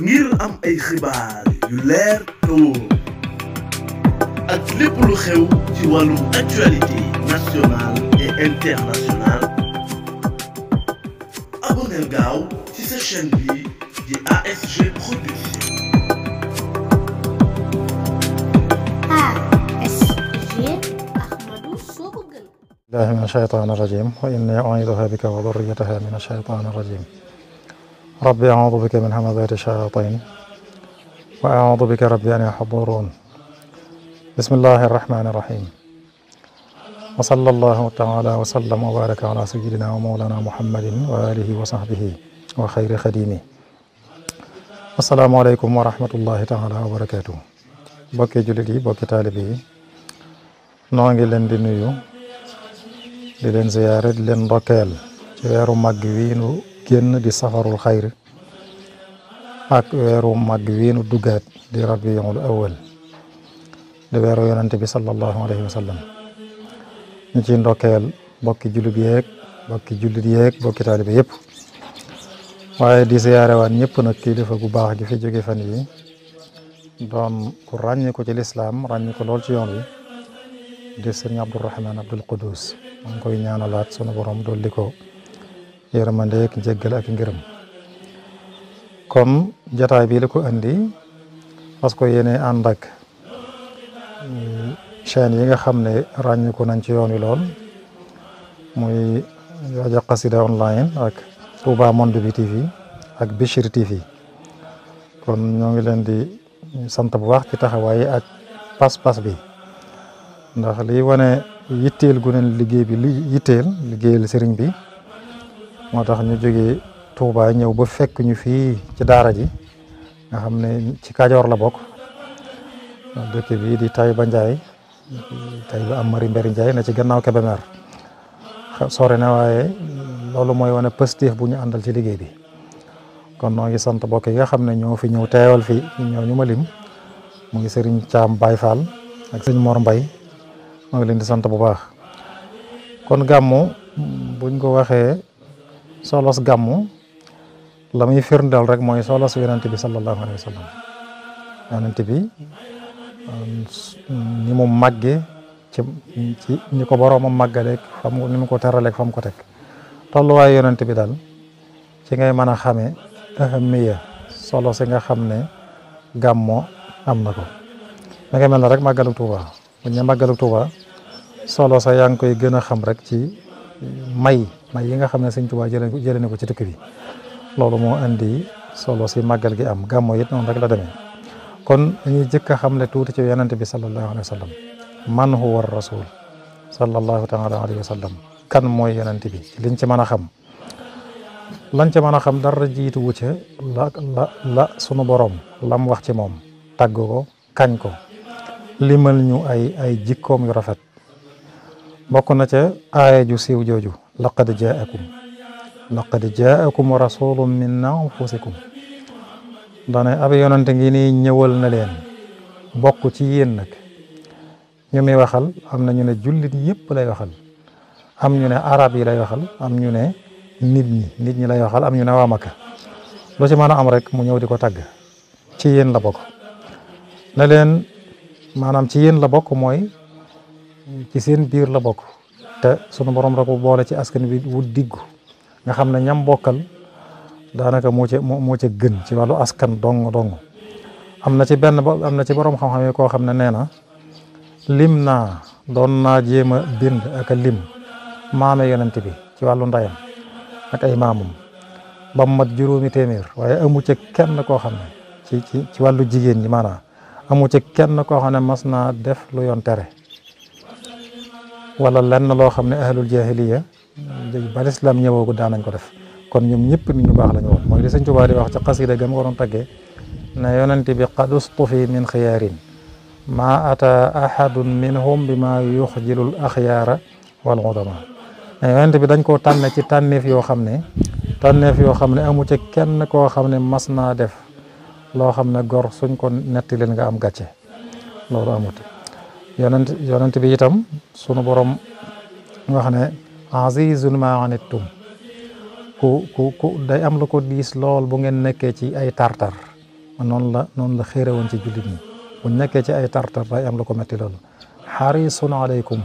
ngir am ay xibaar yu leer te wóor ak lépp lu xew ci wàllum actualité nationale et internationale aboneel gaaw ci sa chaîne bi di ASG Production الله من الشيطان الرجيم وإني أعيذها بك وذريتها من الشيطان الرجيم ربي أعوذ بك من همذات الشياطين وأعوذ بك ربي أن يحضرون بسم الله الرحمن الرحيم وصلى الله تعالى وسلم وبارك على سيدنا ومولانا محمد وآله وصحبه وخير خديمه السلام عليكم ورحمة الله تعالى وبركاته بك جلدي بك طالبي نوانجي لن دي لن زيارة لن دوكال جويرو مقوينو génn di safarul xayri ak weeru mag wiinu duggaat di rabiul awal di weeru yonante bi sallallahu alayhi wa sallam ñu ciy ndokkeel bokki jullit yeeg bokki jullit yeeg bokki taalibe yëpp waaye di siyaare waan ñëpp nag kilifa gu baax gi fi jóge fan yi doon ku ràññi ko ci lislaam ràññi ko lool ci yoon wi di sëriñ Abdourahman Abdul Qudus ma ngi koy ñaanalaat sunu borom dolli ko yaramande ak njéggal ak ngërëm comme jotaay bi la andi parce que yene andak ak eh, chaîne yi nga xam ne ko nañ ci yoon lool muy Qasida online ak Touba Monde bi TV ak Bishir TV kon ñoo ngi leen di sant bu baax ci taxaway ak pas-pas bi ndax li wane yitteel gu leen liggéey bi li yitteel liggéeyal sëriñ bi motax ñu joggé Touba ñew ba fekk ñu fi ci daara ji nga xamné ci kadior la bok dëkk bi di tay ba Taïba tay Taïba am mari mberi Ndiaye na ci gannaaw kebemer soore na waye lolu moy wone positif bu ñu andal ci liggéey bi kon no ngi sant bokk yi nga xamné ne ñoo fi ñew teewal fi ñoo ñu ma lim mu ngi serigne cham Baay fall ak serigne Mor Mbay moo ngi leen di sant bu baax kon gamu buñ ko waxé solos gamu lamuy firndal rek moy solos yaronte bi sallallahu alaihi wasallam yaronte bi ni mo magge ci ci ñi ko boroomam magale fam ni ko terale fam ko tollu way yaronte bi dal, ci ngay mana xame xamee ahamiya nga xamne ne gàmmo am ko da ngay mel rek magal tuwa bu ñu màggalu Tuuba solo sa yaa koy xam rek ci may may nah, iya yi nga xamne seigne touba jere jëlee ko jëlee na ko ci dëkk bi lolu mo andi solo ci magal gi am gàmmo it non rek la demé kon ñi jëk a xam tuuti ya ci yonente bi sallallahu alaihi wasallam man huwa rasul sallallahu taala alaihi wasallam kan moy yonente ya bi liñ ci mëna a xam lan ci mëna xam dara jitu wu ci la la la sunu borom lam wax ci tagogo taggo ko kañ ko limal ñu ay ay jikkoom yu rafet bokku na ca aaya ju siiw laqad ja'akum laqad ja'akum rasulun min anfusikum dane ab yonante ngi nii ñëwal na leen bokk ci yéen nag ñu muy waxal am ñu ne jullit yépp lay waxal am ñu ne arab yi lay waxal am ñu ne nit ñi nit ñi lay waxal am ñu ne Lo Makka lu ci mën am rek mu ñëw di ko tàgg ci yéen la bokk na leen maanaam ci yéen la bokk ci seen la te sunu borom da ko boole ci askan bi wu diggu nga xam ne ñam bokkal daanaka moo ca moo ca gën ci wàllu askan dong dong am na ci benn am na ci borom xam-xam koo xam ne nee na lim naa doon naa jéem a bind ak lim maame yonent bi ci wàllu ndayam ak ay maamum ba juróomi téeméer waaye amu ca kenn koo xam ne ci ci wàllu jigéen ñi maanaam amu ca kenn koo xam ne mas naa def lu yoon tere. ولا لن لو خامني اهل الجاهليه دي با الاسلام نيوو كو دانن كو داف كون نيوم نييب نيت نو باخ لا نيوو موي سيغ توبا دي واخ تا قصيده غام وورون تاغي نا يوننتي بي قد اصطفي من خيار ما اتى احد منهم بما يخجل الاخيار والعظماء يوننتي بي دنج كو تاني سي تانيف يو خامني تانيف يو خامني امو تي كين كو خامني مسنا ديف لو خامنا غور سون كون نتي لين غا ام غاتيه لو راموتي yonent yonent bi itam sunu borom wax ne azizun ma anittum ku ku ku day am la ko diis lool bu ngeen nekkee ci ay tartar noonu la noonu la xéere woon ci jullit ñi buñ nekkee ci ay tartar day am la ko metti lool xarisun aleykum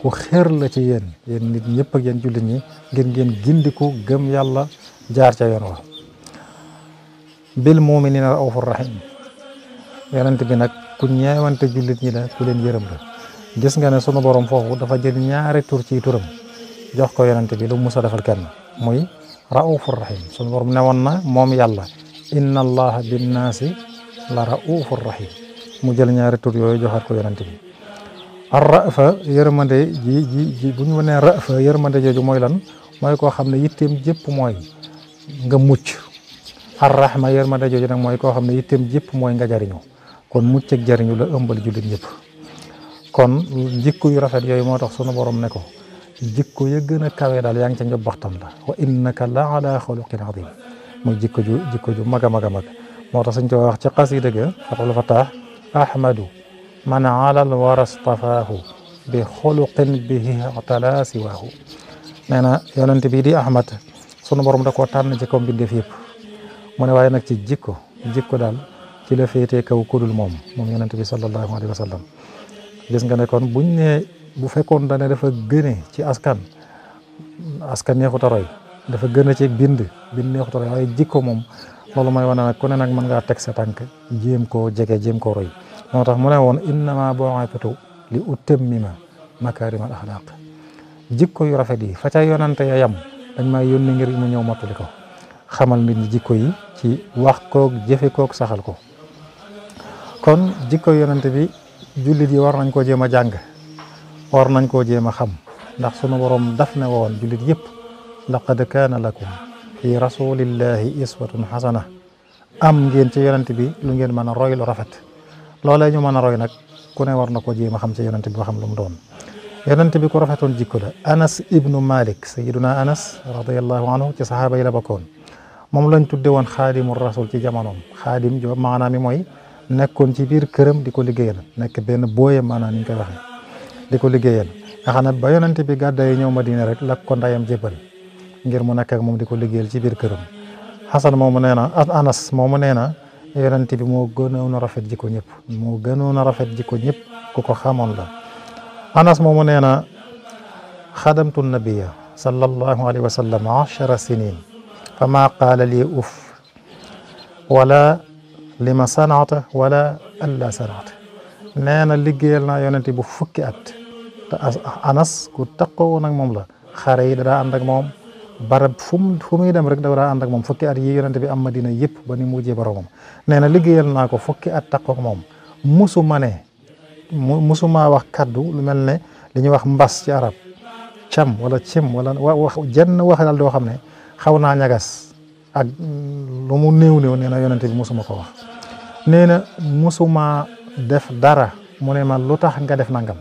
ku xéer la ci yéen yéen nit ñëpp ak yéen jullit ñi ngir ngeen gindiku gëm yàlla jaar ca yoon wa bil muminina raufur rahim yonent nag ku ñeewante julit ñi la ku leen yërëm la gis nga ne sunu borom fofu dafa jël ñaari tour ci turam jox ko yonante bi lu musa defal kenn muy raufur rahim sunu borom newon na mom yalla inna bin nasi la raufur rahim mu jël ñaari tour yoy joxat ko yonante bi ar rafa yërmande ji ji ji bu ñu rafa yërmande jooju moy lan moy ko xamne yittem jep moy nga mucc ar rahma yërmande jooju nak moy ko xamne yittem jep moy nga jariñu kon mucc ak jariñu la ëmbal jullit ñëpp kon jikko yu rafet yooyu moo tax sunu borom ne ko jikko ya gën a kawe daal yaa ngi ca njobbaxtam la wa innaka la ala xuluqin azim muy jikko ju jikko ju mag a mag moo tax suñ ko wax ci xasida ga fatul fatah ahmadu man alal warastafaahu bi xuluqin bihi atala siwaahu nee na yonent bii di ahmad sunu borom da ko tànn ci kaw mbindeef yëpp mu ne waaye nag ci jikko jikko daal ki la féetee kaw kudul moom moom yonent bi sallallahu alayhi wa sallam gis nga ne kon buñ ne bu fekkoon da ne dafa gëne ci askan askan neexut a roy dafa gën a ci bind bind neexut a roy jikko moom loolu mooy wane nag ku ne nag mën ngaa teg sa tànk jéem koo jege jéem koo roy moo tax mu ne woon innama bu'ithtu li utammima makarim al axlaq jikko yu rafet yi fa ca yonante ya yam dañ maa yónni ngir mu ñëw mottali ko xamal nit ñi jikko yi ci wax kook jëfe kook saxal ko kon jikko yonente bi jullit yi war nañ koo jéem a jàng war nañ koo jéem a xam ndax sunu borom daf ne woon jullit yëpp laqad kaana lakum fi rasulillahi iswatun xasana am ngeen ci yonente bi lu ngeen mën a roy lu rafet loolee ñu mën a roy nag ku ne war na koo jéem a xam ci yonente bi ba xam lu mu doon yonente bi ku rafetoon jikko la anas ibnu malik sayiduna anas radiallahu anhu ci sahaaba yi la bokkoon moom lañ tudde woon xaadimu rasul ci jamonoom xaadim maanaam mi mooy nekkoon ci biir këram di ko liggéeyal nekk benn booyam maanaam ni ñu koy waxee di ko liggéeyal nga xam ne ba yonente bi gàddaay ñëw Madina rek la ko ndayam jébbal ngir mu nekk ak moom di ko liggéeyal ci biir këram Xasan moomu nee na Anas moomu nee na yonente bi moo gënoon a rafet jikko ñëpp moo gënoon a rafet jikko ñëpp ku ko xamoon la Anas moomu nee na xadamtu nabiya sallallahu alayhi wa sallam achara sinin fa ma qaala lii uf wala li ma sanaata wala alla sanaata nee na liggéeyal naa yonente bu fukki at te anas ku taqoo nag moom la xare yi dadaa ànd ak moom barab fu mu fu muy dem rek dadaa ànd ak moom fukki at yi yonente bi am madina yëpp ba ni mujjee boromam nee na liggéeyal naa ko fukki at taqoo ak moom musu ma ne musu maa wax kaddu lu mel ne li ñuy wax mbas ci arab cam wala cim wala wax jenn wax daal doo xam ne xaw naa ñagas ak lu mu néew néew nee na yonente bi musuma ko wax nee na musuma def dara mu ne ma lu tax nga def nangam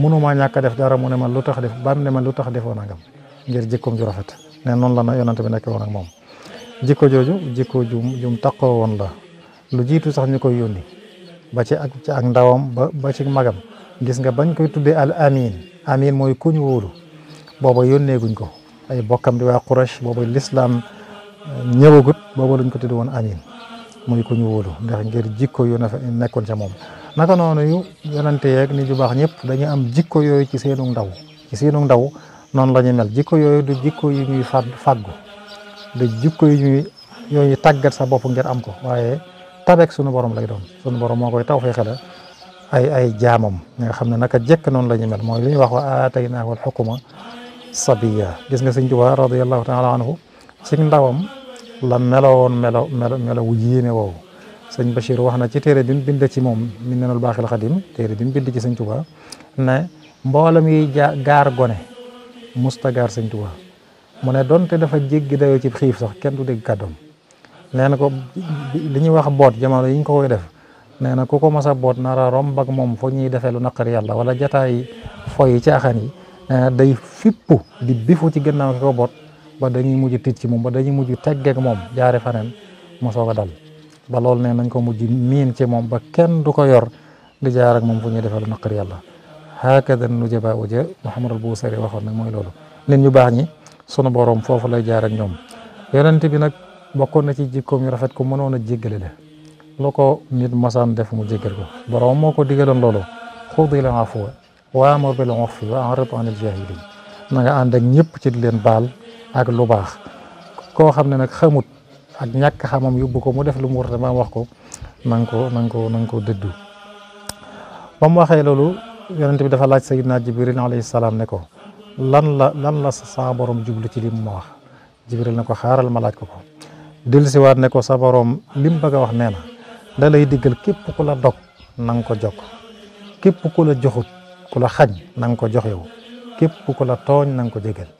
mënuma ñàkk a def dara mu ne ma lu tax def bam ne ma lu tax defoo nangam ngir jikkoom ju rafet ne noonu la na yonante bi nekk woon ak moom jikko jooju jikko jum jum taqoo woon la lu jiitu sax ñu koy yónni ba ci ak ci ak ndawam ba ba ci magam gis nga bañ koy tuddee al amin amin mooy kuñ wóolu booba yónneeguñ ko ay bokkam di waa Quraysh booba lislaam eh, ñëwagut booba luñ ko tudd woon amin muy ku ñu wóolu ndax ngir jikko yu na fa nekkoon ca moom naka noonu yu yonante yeeg ni ju baax ñëpp dañu am jikko yooyu ci seenu ndaw ci seenu ndaw noonu la ñu mel jikko yooyu du jikko yu ñuy fà jikko yu yooyu tàggat sa bopp ngir am ko waaye tabek sunu borom lay doon sunu borom moo koy taw fee xela ay ay jaamam nga xam ne naka jekk noonu la ñu mel mooy wax ñuy wax wa aataynaahul xukuma sabiya gis nga sëñ Tuubaa radiyallahu taala anhu ci ndawam la melowoon melo melo melo wu yéeme woowu sëñ Bachir wax na ci téere bi mu bind ci moom mi nenul baaxil xadim téere bi mu bind ci sëñ Tuba ne mboolam yi ja gaar gone musta gaar sëñ Tuba mu ne donte dafa jéggi dayoo ci xiif sax kenn du dégg kàddoom nee na ko li ñuy wax boot jamono yiñ ko koy def nee na ku ko mas a boot na romb ak moom foog ñuy defee lu naqar yàlla wala jataay foy caaxaan yi day fippu di bifu ci gannaaw ki ko boot ba dañuy mujj tiit ci moom ba dañuy mujj teggeek moom jaare fa mu soog a dal ba loolu ne nañ ko mujj miin ci moom ba kenn du ko yor di jaar ak moom fu ñuy defal naqar yàlla hakada nujaba uja Muhammad al Busiri waxoon nag mooy loolu nit ñu baax ñi sunu borom foofu lay jaar ak ñoom yonent bi nag bokkoon na ci jikkoom yu rafet ko mënoon a jéggale la lu ko nit masaan defu mu jéggal ko borom moo ko digaloon loolu xudil afwa waamur bil urfi wa a'rid anil jaahiliin na nga ànd ak ñëpp ci baal ak lu bax ko xamne nak xamut ak ñak xamam yóbbu ko mu def lu mu war maam wax ko na ko na ko na ko deddu bam waxe lolu yaronte bi dafa laaj sayidna jibril alayhi salam ne ko lan la lan la sa borom jublu ci lim wax jibril nako xaaral ma laaj ko ko dil siwaat ne ko sa borom bëgg wax neena da lay diggal kep ku la dog nang ko jox kep ku la joxut ku la xagn nang ko joxew kep ku la togn nang ko jegal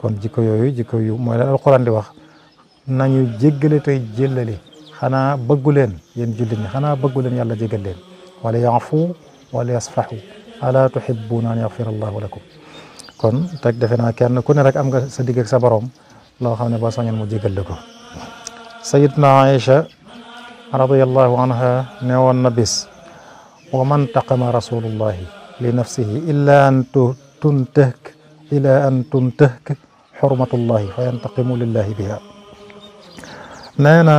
kon jikko yoyu jikko yu moy la alquran di wax nañu jéggale tay jëlalé xana bëggu leen yéen jullini xana xanaa bëggu leen yàlla jégal len wala yafu wala yasfahu ala tuhibbuna an yaxfir allah lakum kon tak defe naa kenn ku ne rek am nga sa digg ak sa borom lo xamne ba soñal mu jégal lako sayyidna aisha aïcha radiallahu anha ne woon na bis wa man taqama rasulullahi li nafsihi illa an tuntahk ila an حرمة الله فينتقم لله بها نانا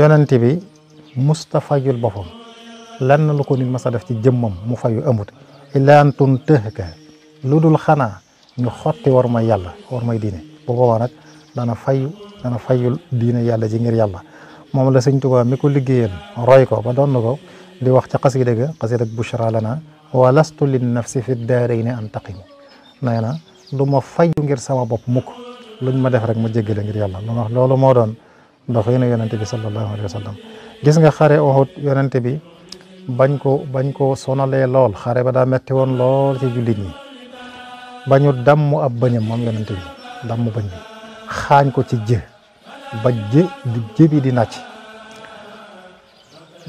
يننتبي مصطفى يلبفهم لن نكون المصادف تجمم مفاي أمود إلا أن تنتهك لدو الخنا نخط ورما يلا ورما يدين بقوانك لنا فاي لنا فاي الدين يلا جنير يلا مام الله سنتوا مكل جيل رايكو بدون نغو دي وقت قصيدة قصيدة بشرى لنا ولست للنفس في الدارين أنتقم نانا luma fay ngir sama bop mukk luñ ma def rek ma jéggale ngir yalla lu ma wax loolu moo doon ndox bi sallallahu Alaihi Wasallam. gis nga xare Uhud yonente bi bañ ko bañ ko sonalee lol xare ba da metti won lol ci julit ñi bañu damu ab bañam mom yonente bi damu bañ bi ko ci jë ba jë bi di nacc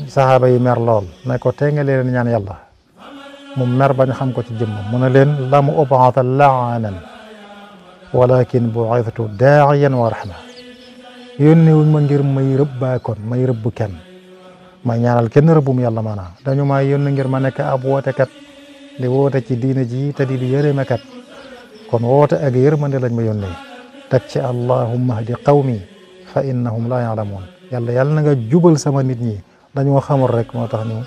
sahaba yi mer lol ne ko tee nga ñaan yalla mom nar bañ xam ko ci jëm mu ne leen lam ubaata laanan walakin bu'ithtu da'iyan wa rahma yoni wuñ ma ngir may kon may rëbb ken ma ñaanal ken rëbbum yàlla mana dañu maa yoni ngir ma nek ab wote kat di wote ci diina ji te di yere ma kat kon wote ak yërmande lañ ma yoni tak ci allahumma hdi qawmi fa innahum la ya'lamun yàlla yàlla nga jubal sama nit ñi dañu xamul rek moo tax ñu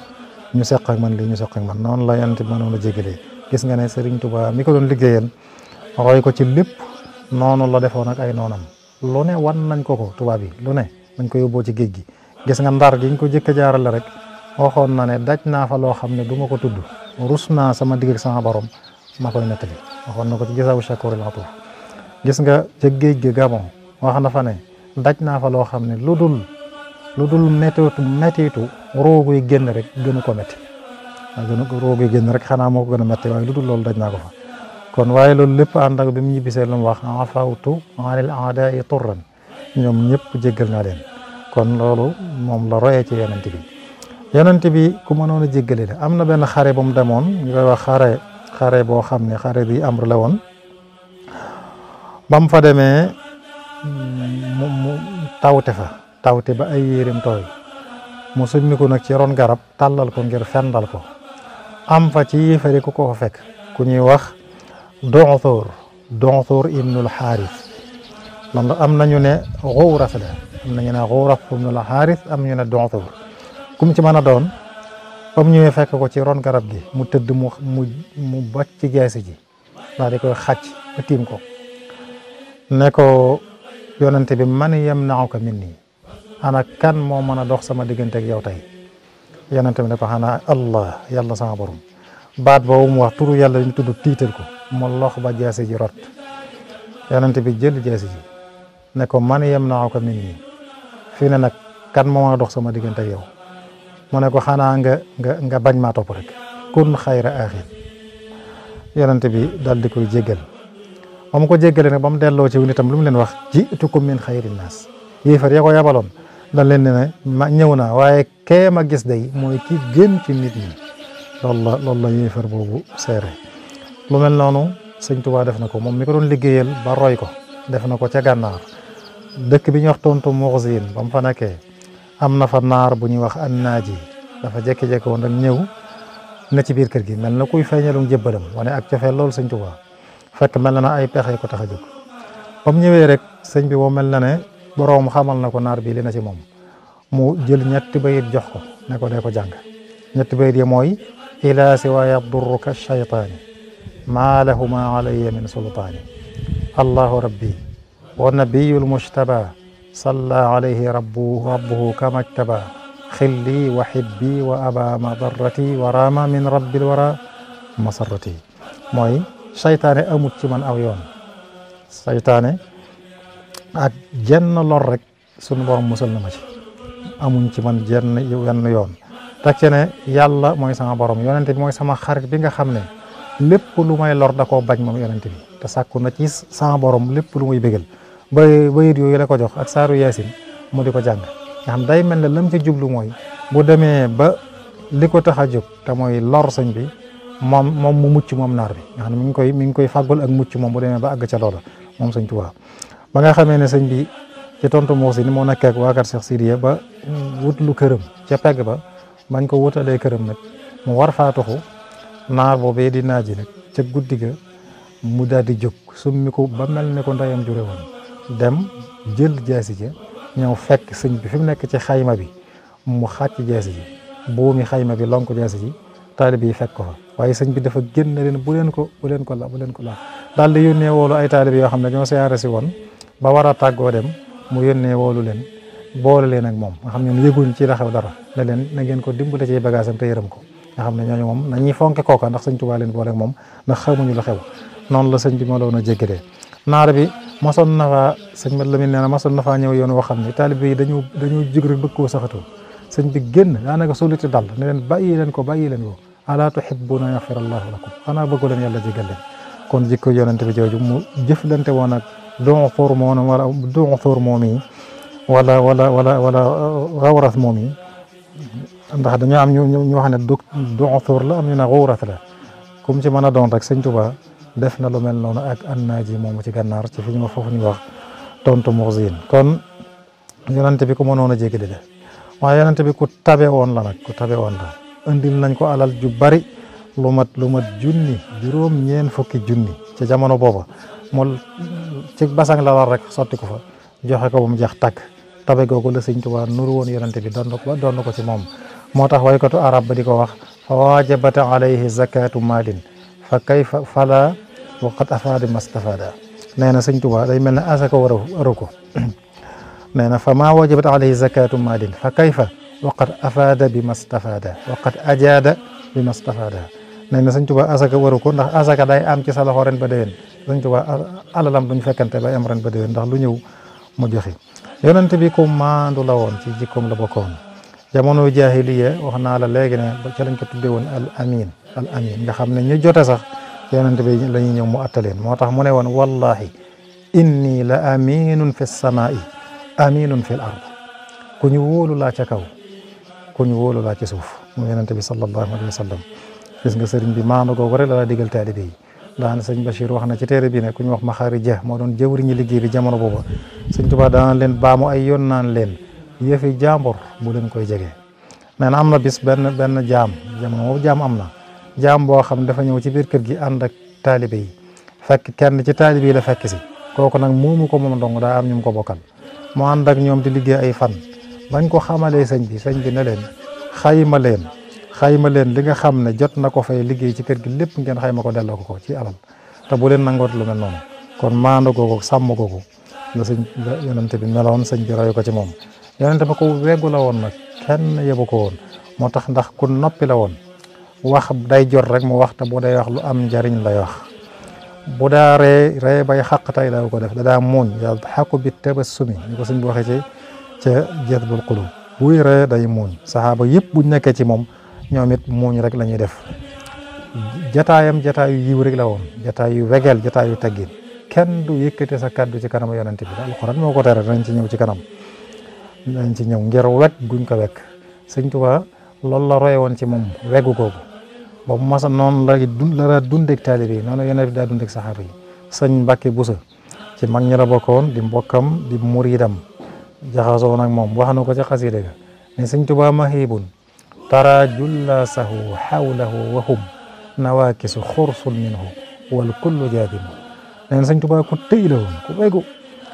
ñu seq ak man lii ñu seq man noonu la yonent bi mënoon a jégalee gis nga ne Serigne Touba mi ko doon liggéeyal roy ko ci lépp noonu la defoon ak ay noonam lu ne wan nañ ko ko tubaab yi lu ne nañ ko yoboo ci géej gi gis nga ndar gi ñu ko jëkk a jaarale rek waxoon na ne daj naa fa loo xam ne du ma ko tudd rus na sama digg ak sama borom ma koy nettali waxoon na ko ci gisaawu chakooril ko gis nga ca géej gi Gabon wax na fa ne daj naa fa loo xam ne lu lu dul méttiitu méttiitu rooguy génn rek gënu ko métti waaw gënu ko génn rek xanaa moo ko gën a métti lu dul loolu daj naa fa kon waaye loolu lépp ànd ak bi mu ñibbisee lu mu wax afawtu anil aadaa'i turran ñoom ñëpp jéggal naa leen kon loolu moom la royee ci yonent bi yonent bi ku mënoon a jéggale la am na benn xare bu mu demoon ñu koy wax xare xare boo xam ne xare bi amr la woon ba fa demee mu tawte fa tawte ba ay yéeréem tooy mu ko nak ci ron garab talal ko ngir fendal ko am fa ci yefere ko ko fek ku ñuy wax doxoor doxoor ibn al harith man am nañu ne xuuras la am nañu ne ibn al harith am ñu ne doxoor kum ci mana doon ba fekk ko ci ron garab gi mu tëdd mu mu bàcc ci ji da di koy xàcc ba ko ne ko yonante bi man yamnauka minni ana kan moo mën a dox sama diggante ak yow tey yonent bi ne ko xanaa allah yàlla sama borom baat boobu mu wax turu yàlla ñu tudd tiital ko mu lox ba jaasi ji rot yonent bi jël jaasi ji ne ko man yem naa ko min nii fii ne nag kan moo a dox sama diggante ak yow mu ne ko xanaa nga nga nga bañ maa topp kun xayra axir yonent bi daal di koy jéggal ba ko jéggalee nag ba mu delloo ci wu nitam lu mu leen wax jiitukum min xayri naas yéefar ya ko yabaloon dañ na ne ma ñëw naa waaye kee ma gis day mooy ki gën ci nit ñi loolu la loolu la yéefar boobu seere lu mel noonu sëñ Tuubaa def na ko moom mi ko doon liggéeyal ba roy ko def na ko ca gànnaar dëkk bi ñuy wax tontu Muxsin ba mu fa nekkee am na fa naar bu ñuy wax Annaaji dafa jékki-jékki woon rek ñëw ne ci biir kër gi mel na kuy feeñalum jëbbalam wane ak cofeel loolu sëñ Tuubaa fekk mel na ay pexe ko tax a jóg ba ñëwee rek sëñ bi woo mel na ne borom xamal nako nar bi li na ci mom mu jël ñett bayit jox ko ne ko dee jàng ñett bayit yi mooy ilaa siwa yadurruka ma maa ma alayya min sultani allahu rabbi wa nabiyu lmujtaba صلى عليه ربه ربه كما اجتبى خلي وحبي وأبا مضرتي وراما من رب الورى مسرتي موي شيطان أموت من أو يوم شيطان ak jenn lor rek sunu borom musal na ma ci amuñ ci man jenn yenn yoon tak ci ne yalla moy sama borom yonent bi moy sama xarit bi nga xamne lepp lu may lor da ko bañ mom yonent bi ta sakku na ci sama borom lip lu muy bégal ba bayit yooyu la ko jox ak saru yasin mu di ko nga xam day melni lam ci jublu moy bu deme ba liko taxajuk ta moy lor señ bi mom mom mu muccu mom nar bi nga xam ne mi ngi koy mi ngi koy fàggul ak muccu mom bu deme ba ag ca mom señ ba nga xamee ne sëñ bi ci tontu Moussa ni moo nekkee ak waa kër ba wut lu këram ca pegg ba mañ ko wutalee këram nag mu war faa tuxu naar boobee di naaji nag ca guddi ga mu daal di jóg summi ko ba mel ne ko ndeyam jure woon dem jël jaasi ja ñëw fekk sëñ bi fi mu nekk ci xayma bi mu xàcc jaasi ji buumi xayma bi lonk jaasi ji taalib yi fekk ko fa waaye sëñ bi dafa génn leen bu leen ko bu leen ko la bu leen ko la daal di yónnee woolu ay taalib yoo xam ne ñoo siyaare woon ba war a tàggoo dem mu yónnee woolu leen boole leen ak moom nga xam ñoom yëguñ ci raxaw dara ne leen na geen ko dimbale ci bagage am te yërëm ko nga xam ne ñooñu moom nañuy fonke kooka ndax sëñ Tuubaa leen boole ak moom ndax xamuñu la xew noonu la sëñ bi ma doon a jéggalee naar bi mosoon na faa sëñ Mat Lamin nee na mosoon na yoon woo xam ne taalibe yi dañu dañu jug rek bëgg koo saxatu sëñ bi génn daanaka solu ci dal ne leen bàyyi leen ko bàyyi leen ko alaa tuhibbuuna yaxfirallaahu lakum xanaa bëggu leen yàlla jégal leen kon jikko yonente bi jooju mu woon ak duuxuur moona wala duuxuur moomi wala wala wala wala xawras uh, moomi ndax dañoo am ñu wax ne du duuxuur la am ñu ne xawras la comme ci mën a doon rek sëñ Tuba def na lu mel noonu ak annaaj yi moomu ci gànnaar ci fi ñu foofu ñu wax tontu muxzin kon yonante bi ku mënoon a jéggi la waaye yonante bi ku tabe woon la nag ku tabe woon la indil nañ ko alal ju bari lu mat lu mat junni juróom ñeen fukki junni ci jamono booba mool ci basang la war rek sotti ko fa joxe ko mu jeex tàkk tabe googu la sëñ woon yonente bi doon ko doon ci moom moo tax waykatu arab ba di ko wax fa wajabat alayhi zakatu malin fa kayfa fala waqad day mel ne asaka ko nee na fa ma wajabat alayhi zakatu malin fa kayfa waqad afaada bi mastafada waqad ajaada bi mastafada nena na sëñ Tuubaa asaka waru ko ndax asaka day am ci sa loxo ren ba deen sëñ touba alalam duñ fekkante bay am ren ba deen ndax lu ñëw mu joxe yonent bi ko mandu la won ci jikkoom la bokkon jamono jahiliya wax naa la legi ne ba ci lañ ko tudde won al amin al amin nga xamne ñu jotta sax yonent bi lañ ñëw mu attaleen motax mu ne won wallahi inni la aminun fi samai aminun fi al ard ku ñu wóolu laa ca kaw ku ñu wóolu laa ci suuf mu yonent bi sallallahu alaihi wasallam gis nga sëriñ bi maandu googu rek la la digal taalibe yi daana sëñ Bachir wax na ci téere bi ne ku ñu ma Maxaari Dia moo doon jëwriñu liggéey bi jamono booba sëñ Tuubaa daana leen baamu ay yoon naan leen yëfi jàmbur bu leen koy jege nee na am na bis benn benn jaam jamono boobu jaam am na jaam boo xam dafa ñëw ci biir kër gi ànd ak taalibe yi fekk kenn ci taalibe yi la fekk si kooku nag moomu ko moom dong daa am ñu ko bokkal moo ànd ak ñoom di liggéey ay fan bañ ko xamalee sëñ bi sëñ bi ne leen xayma leen xayma leen li nga xam ne jot na ko fay liggéey ci kër gi lépp ngeen xayma ko delloo ko ci alal te bu leen nangoot lu mel noonu kon maando googu sàmm googu la sëñ yonente bi meloon sëñ bi roy ko ci moom yonente ba ko weggu la woon nag kenn yebu ko woon moo tax ndax ku noppi la woon wax day jot rek mu wax te bu day wax lu am njariñ lay wax bu daa ree ree bay xaq tay daa ko def da daa muuñ yàlla xaqu bi tabassumi ñu ko sëñ bi waxee ci ca Jazbul Quluub buy ree day muuñ saxaaba yëpp buñ nekkee ci moom ñoom it muuñ rek la ñuy def jataayam jataay yu yiw rek la woon jataay yu wegeel jataay yu teggin kenn du yëkkati sa kaddu ci kanam yonent bi alxuraan moo ko tere danañ ci ñëw ci kanam danañ ci ñëw ngir wekk guñ ko wekk sëñ Tuubaa loolu la woon ci moom weggu kooku ba masa noon la dund la dundeeg taalib yi noonu yonent bi daa dundeeg saxaaba yi sëñ Mbàkke Busa ci mag ñi la bokkoon di mbokkam di muridam jaxasoo nag moom wax na ko ci xasida ga ne sëñ Tuubaa tara jullaasahu xawlahu wa hum nawaakisu xursun minhu wal kullu jaadimu neen sëñ Tuubaa ku tëy la woon ku béygu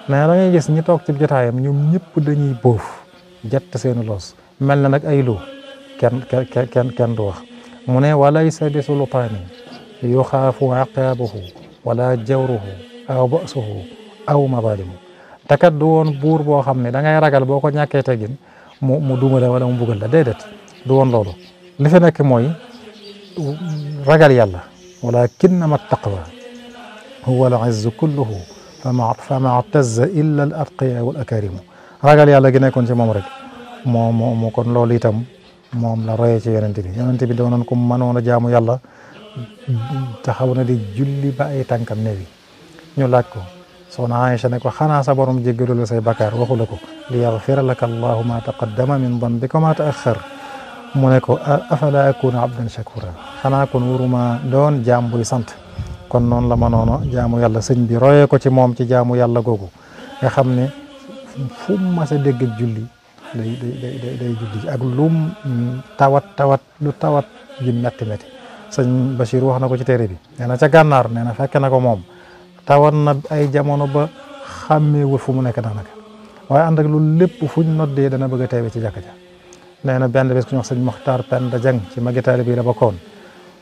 mais da ngay gis ñi toog ci jotaayam ñoom ñëpp dañuy bóof jett seen loos mel na nag ay lu kenn kenn kenn du wax mu ne walaysa bi sultaani yuxaafu aqaabuhu wala jawruhu aw basuhu aw mabaalimu te kat du woon buur boo xam ne da ngay ragal boo ko ñàkkee teggin mu mu duma wala mu bugal la déedéet دون لولو لفنا كموي رجل يلا ما التقوى هو العز كله فما فما اعتز الا الاتقياء والاكارم رجل يلا جنا كون سي مام رك مام مو كون لولي تام مام لا روي سي يونتي بي دون نكم مانونا جامو يلا تخاونا دي جولي باي تانكام نبي ñu laaj ko soxna aïcha ne ko xanaa sa borom jéggalu la say bakkaar waxu la ko liyaghfira وما تأخر mu ne ko afala akuna abdan shakura xanaa kon waruma doon jaam buy sant kon noonu la ma noono jaamu yàlla sëñ bi royee ko ci moom ci jaamu yàlla googu nga xam ne fu mu mas a dégg ak julli day julli ak lum tawat tawat lu tawat ji metti metti sëñ Bachir wax na ko ci téere bi nee na ca gànnaar nee na fekke na ko moom tawat na ay jamono ba xàmmeewul fu mu nekk daanaka waaye ànd ak loolu lépp fuñ noddee dana bëgg a teewe ci jàkka ja nee na benn bés ku ñu wax sëñ Moxtaar Penda Jang ci magi taalibe bi la bokkoon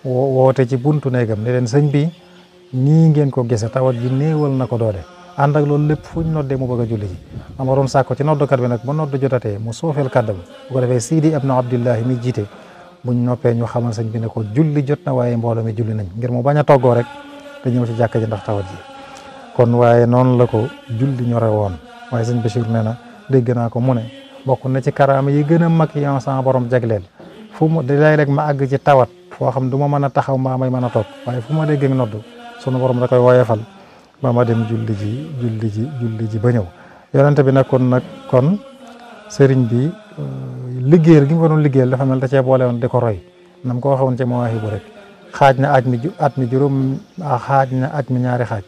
woote ci buntu néegam ne leen sëñ bi nii ngeen ko gise tawat ji néewal na ko doole ànd ak loolu lépp fu ñu noddee mu bëgg a julli ji ama doon sàkko ci noddukat bi nag ba nodd jotatee mu soofeel kàddam bu ko defee Sidi Ibnu mi jiite buñ noppee ñu xamal sëñ bi ne ko julli jot na waaye mbooloo mi julli nañ ngir mu bañ a toggoo rek da ñëw ci jàkka ji ndax tawat ji kon waaye noonu la ko julli ñore woon waaye sëñ Bachir nee na dégg naa ko mu ne bokku na ci karaama yi gëna a mag yi ma sama borom jagleel fu mu léeg rek ma ag ci tawat fo xam duma mëna taxaw ma may mëna a waye fu ma dégg ak noddu sunu borom da koy woyefal ba ma dem julli ji julli ji julli ji ba ñew bi nakkon kon kon sëriñ bi euh, liggéeyal gi mu doon liggéeyal dafa mel da cee boole won diko roy nam ko waxawon ci waxi bu rek xaj na at mi at mi juroom xaj na at mi ñaari xaj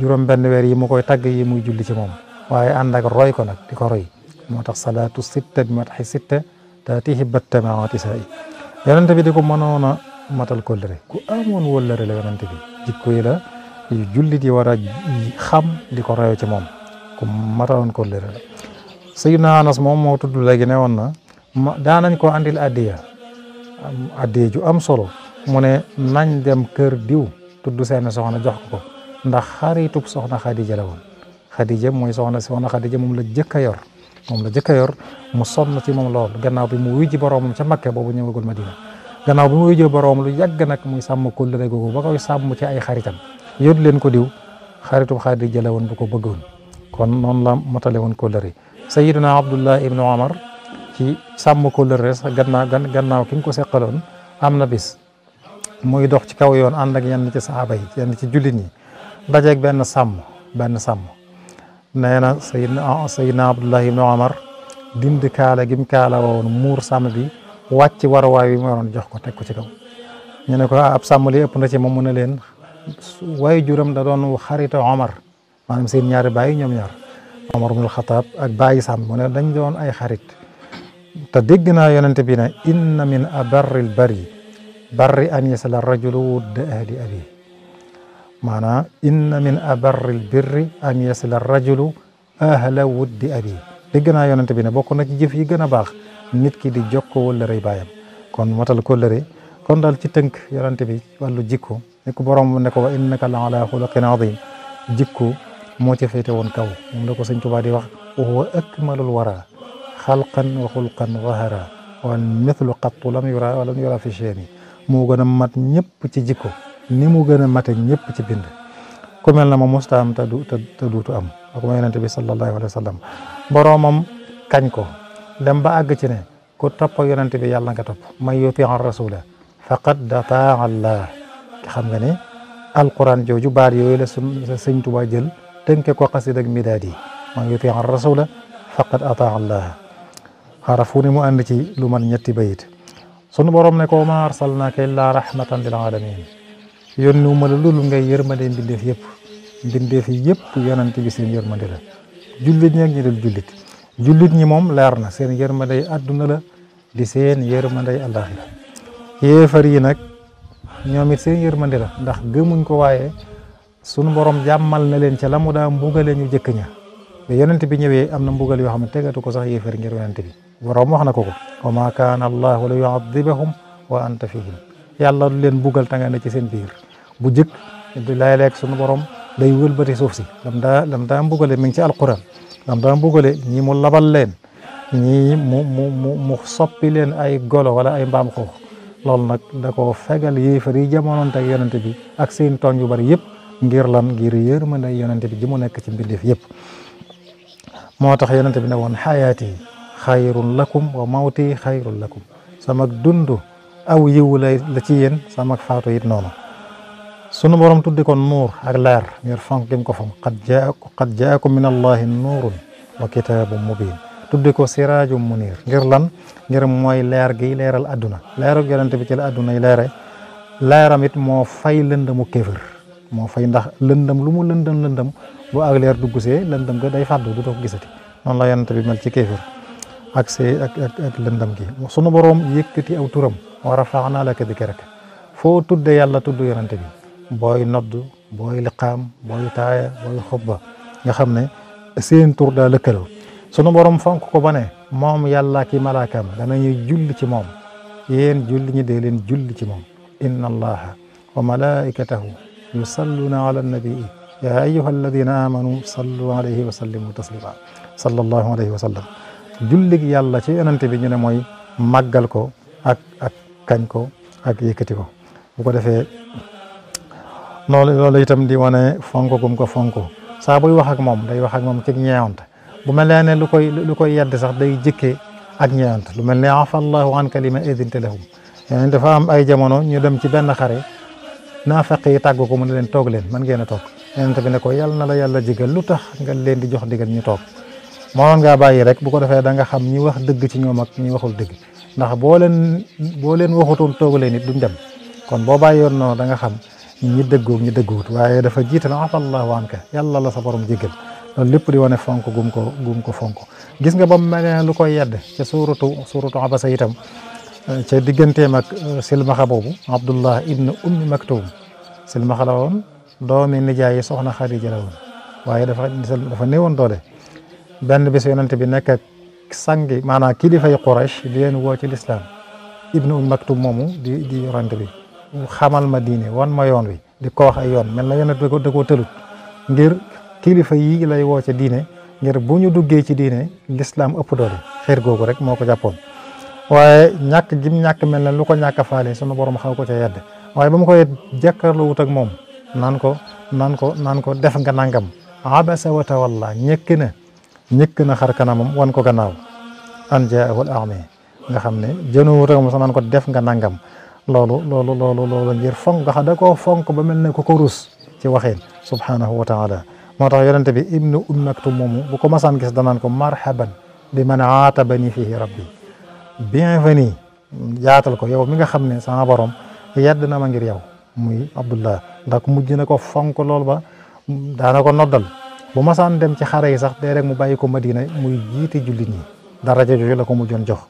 juroom benn weer yi mu koy tagg yi muy julli ci mom waye roy ko nak diko roy moo tax salaatu sitta bi matxi sitta taatihi battamaati saa i yonente bi di ko mënoon a matal kóllëre ku amoon wóllëre la yonente bi jikko yi yu jullit yi war a di ko royo ci moom ku mataloon kóllëre la Sayyidina Anas moom moo tudd léegi ne woon na daa nañ ko andil addiya addiya ju am solo mu ne nañ dem kër diw tudd seen soxna jox ko ndax xaritub soxna Xadija la woon Xadija mooy soxna soxna Xadija moom la jëkk a yor mom la jëkë yor mu sonn ci mom lool gannaaw bi mu wujji boroomam ca Makka boobu ñëwagul Madina gannaaw bi mu wujji borom lu yagg nak muy sàmm kóllëre googu ba koy sam ci ay xaritam yóbbu leen ko diw xaritum xaadir jële won bu ko bëggoon kon non la matale woon kóllëre sayyiduna abdullah ibnu Umar, ci ko kóllëre sax gannaaw gannaaw ki ko seqaloon am na bis muy dox ci kaw yoon and ak yenn ci sahaba yi yenn ci jullit ñi dajeeg ben sam ben sam na na sayidna ah, sayidna abdullahi ibni omar dindi kaala gim kaala woon muur sàmm bi wàcc warwaay bi mu waroon jox ko teg ko ci kaw ñu ne ko ah, ab sàmm li ëpp na ci moom mu ne leen waaye juram da doon xarita omar maanaam seen ñaari bàyyi ñoom ñaar omar ibnul xataab ak bàyyi sàmm mu ne dañ doon ay xarit te dégg naa yonente bi ne inna min abarril bari barri an yasala rajulu wudda abi maanaa inna min abarril birri an yasila rajulu ahla wuddi abi dégg naa yonente bi ne bokk na ci jëf yi gën a baax nit ki di jokkoo wëllërey baayam kon matal kóllëre kon daal ci tënk yonente bi wàllu jikko ne ko borom ne ko wa innaka la ala xuluqin azim jikko moo ci féete woon kaw moom ko sëñ Tuubaa di wax wa huwa akmalul wara xalqan wa xulqan wahara wan mithlu qattu lam yura walam yura fi cheeni moo gën a mat ñëpp ci jikko ni mu gëna maté mate ñëpp ci bind ku mel na ma musta am ta du te am ak ma bi sallallahu Alaihi Wasallam. boromam kañ ko dem ba ag ci ne ku topp yonente bi yalla nga topp may yuti faqad allah xam nga ne alquran joju baat yoy la sun sëñ Tuba jël tënke ko qasid ak midadi may yuti faqad ata allah Harafuni mu and ci lu man ñetti bayit sunu borom ne ko ma arsalnaka illa rahmatan lil alamin ma la loolu ngay yërmande mbindeef yep mbindeef yep yonante bi seen yërmande la julit ñak ak ñi lerna. jullit jullit ñi mom lar na seen yërmanday aduna la di seen yërmanday àllaaxira yéefar yi nak ñoom it seen yërmande la ndax geemuñ ko waye sunu borom jamal na leen ci lamu da mbugale ñu jekk ña be yonante bi ñewé amna mbugal yo xamne tegatu ko sax ngir yonante bi borom wax na ko wa ma kana allah li yu'adhibahum wa anta fihim du mbugal ta nga ci seen bir bu jëkk di layaleeg sunu borom day wëlbati suuf si lam daa lam daa mi ngi ci alquran lam daa mbugale ñi mu labal leen ñi mu soppi leen ay golo wala ay mbaam xuux loolu nag da koo fegal yéefar yi jamonoonte ak yonente bi ak seen tooñ yu bari yëpp ngir lan ngir yërmande yonente bi ji mu nekk ci mbindeef yëpp moo tax yonente bi ne woon xayaati xayrun lakum wa mawti xayrun lakum samak dund aw yiw la ci yéen sama faatu yit noonu sunu borom tuddi ko nuur ak leer ngir fonk ko fonk qad jaa qad jaakum min allahi nuurun wa kitaabun mubin tuddi ko siraajum munir ngir lan ngir mooy leer gi leeral adduna leeral yonent bi ci la adduna leer leere leeram it moo fay lëndëmu kéefër moo fay ndax lëndëm lu mu lëndëm lëndëm bu ak leer duggusee lëndëm ga day fad du ko gisati noonu la yonent bi mel ci kéefër ak see ak ak gi sunu borom yëkkati aw turam wa rafaxnaa laka dikraka foo tudde yàlla tudd yonent bi booy nodd booy liqaam booy taaya booy xutba nga xam ne seen tur daa lëkkaloo sunu borom fonk ko bane moom yàlla ki malaakaam danañuy julli ci moom yéen julli ñi dee leen julli ci moom inna allaha wa malaikatahu yusalluuna ala annabii yaa ayuha alladina amanu sallu alayhi wa sallimu taslima sallallahu alayhi wa sallam jullig yàlla ci yonent bi ñu ne mooy màggal ko ak ak kañ ko ak yëkkati ko bu ko defee loolu loolu itam di wane fonk gum ko fonk saabu buy wax ak moom day wax ak moom ci ñeewante bu mel nee ne lu koy lu koy yedd sax day jëkkee ak ñeewante lu mel ne afa allahu anka lima idinta lahum yeneen dafa am ay jamono ñu dem ci benn xare naafeq yi tàggu ko mu ne leen toog leen man ngeen a toog yeneen bi ne ko yàlla na la yàlla jigal lu tax nga leen di jox digal ñu toog moo mënoon ngaa bàyyi rek bu ko defee da nga xam ñi wax dëgg ci ñoom ak ñi waxul dëgg ndax boo leen boo leen waxutoon toogalee nit duñ dem kon boo bàyyoon noonu da nga xam ñi dëggoog ñi dëgguwut waaye dafa jiital afallahu anka yàlla la sa borom jéggal loolu lépp di wane fonk gum ko gum ko fonk gis nga ba mu mel lu koy yedd ca suuratu suuratu abasa itam euh, ca digganteem ak euh, silmaxa boobu abdullah ibn ummi maktum silmaxa la woon doomi nijaay yi soxna xadija la woon waaye dafa dafa néewoon doole benn bis yonent bi nekk ak sangi maanaam kilifay quraish di leen woo ci lislaam ibn ummi maktum moomu di di yonent bi xamal ma diine wan ma yoon wi di ko wax yoon mel na yonent da ko da koo tëlut ngir kilifa yi lay woo ca diine ngir bu ñu duggee ci diine lislaam ëpp doole xeer googu rek moo ko jàppoon waaye ñàkk gim ñàkk mel na lu ko ñàkk a faale sunu borom xaw ko ca yedd waaye ba mu koy jàkkaarloo wut ak moom naan ko naan ko naan ko def nga nangam abasa wa tawalla ñëkk na na xar kanamam wan ko gannaaw an jaahul a'ma nga xam ne jënu wut moom sax naan ko def nga nangam لولو لولو لولو لولو غير فونك حدا كو فونك با ملني كوكو روس تي واخين سبحانه وتعالى ما تا يونت بي ابن ام مكتوم موم بو كو مسان غيس دانان كو مرحبا بمن عاتبني فيه ربي بيان فني ياتل كو يو ميغا خامني سان بوروم يادنا ما غير ياو موي عبد الله داك مودي نكو فونك لول با دانكو نودل بو مسان ديم تي خاري صاح دي ريك مو بايكو مدينه موي جيتي جولي ني دراجه جوجي لاكو مو جون جوخ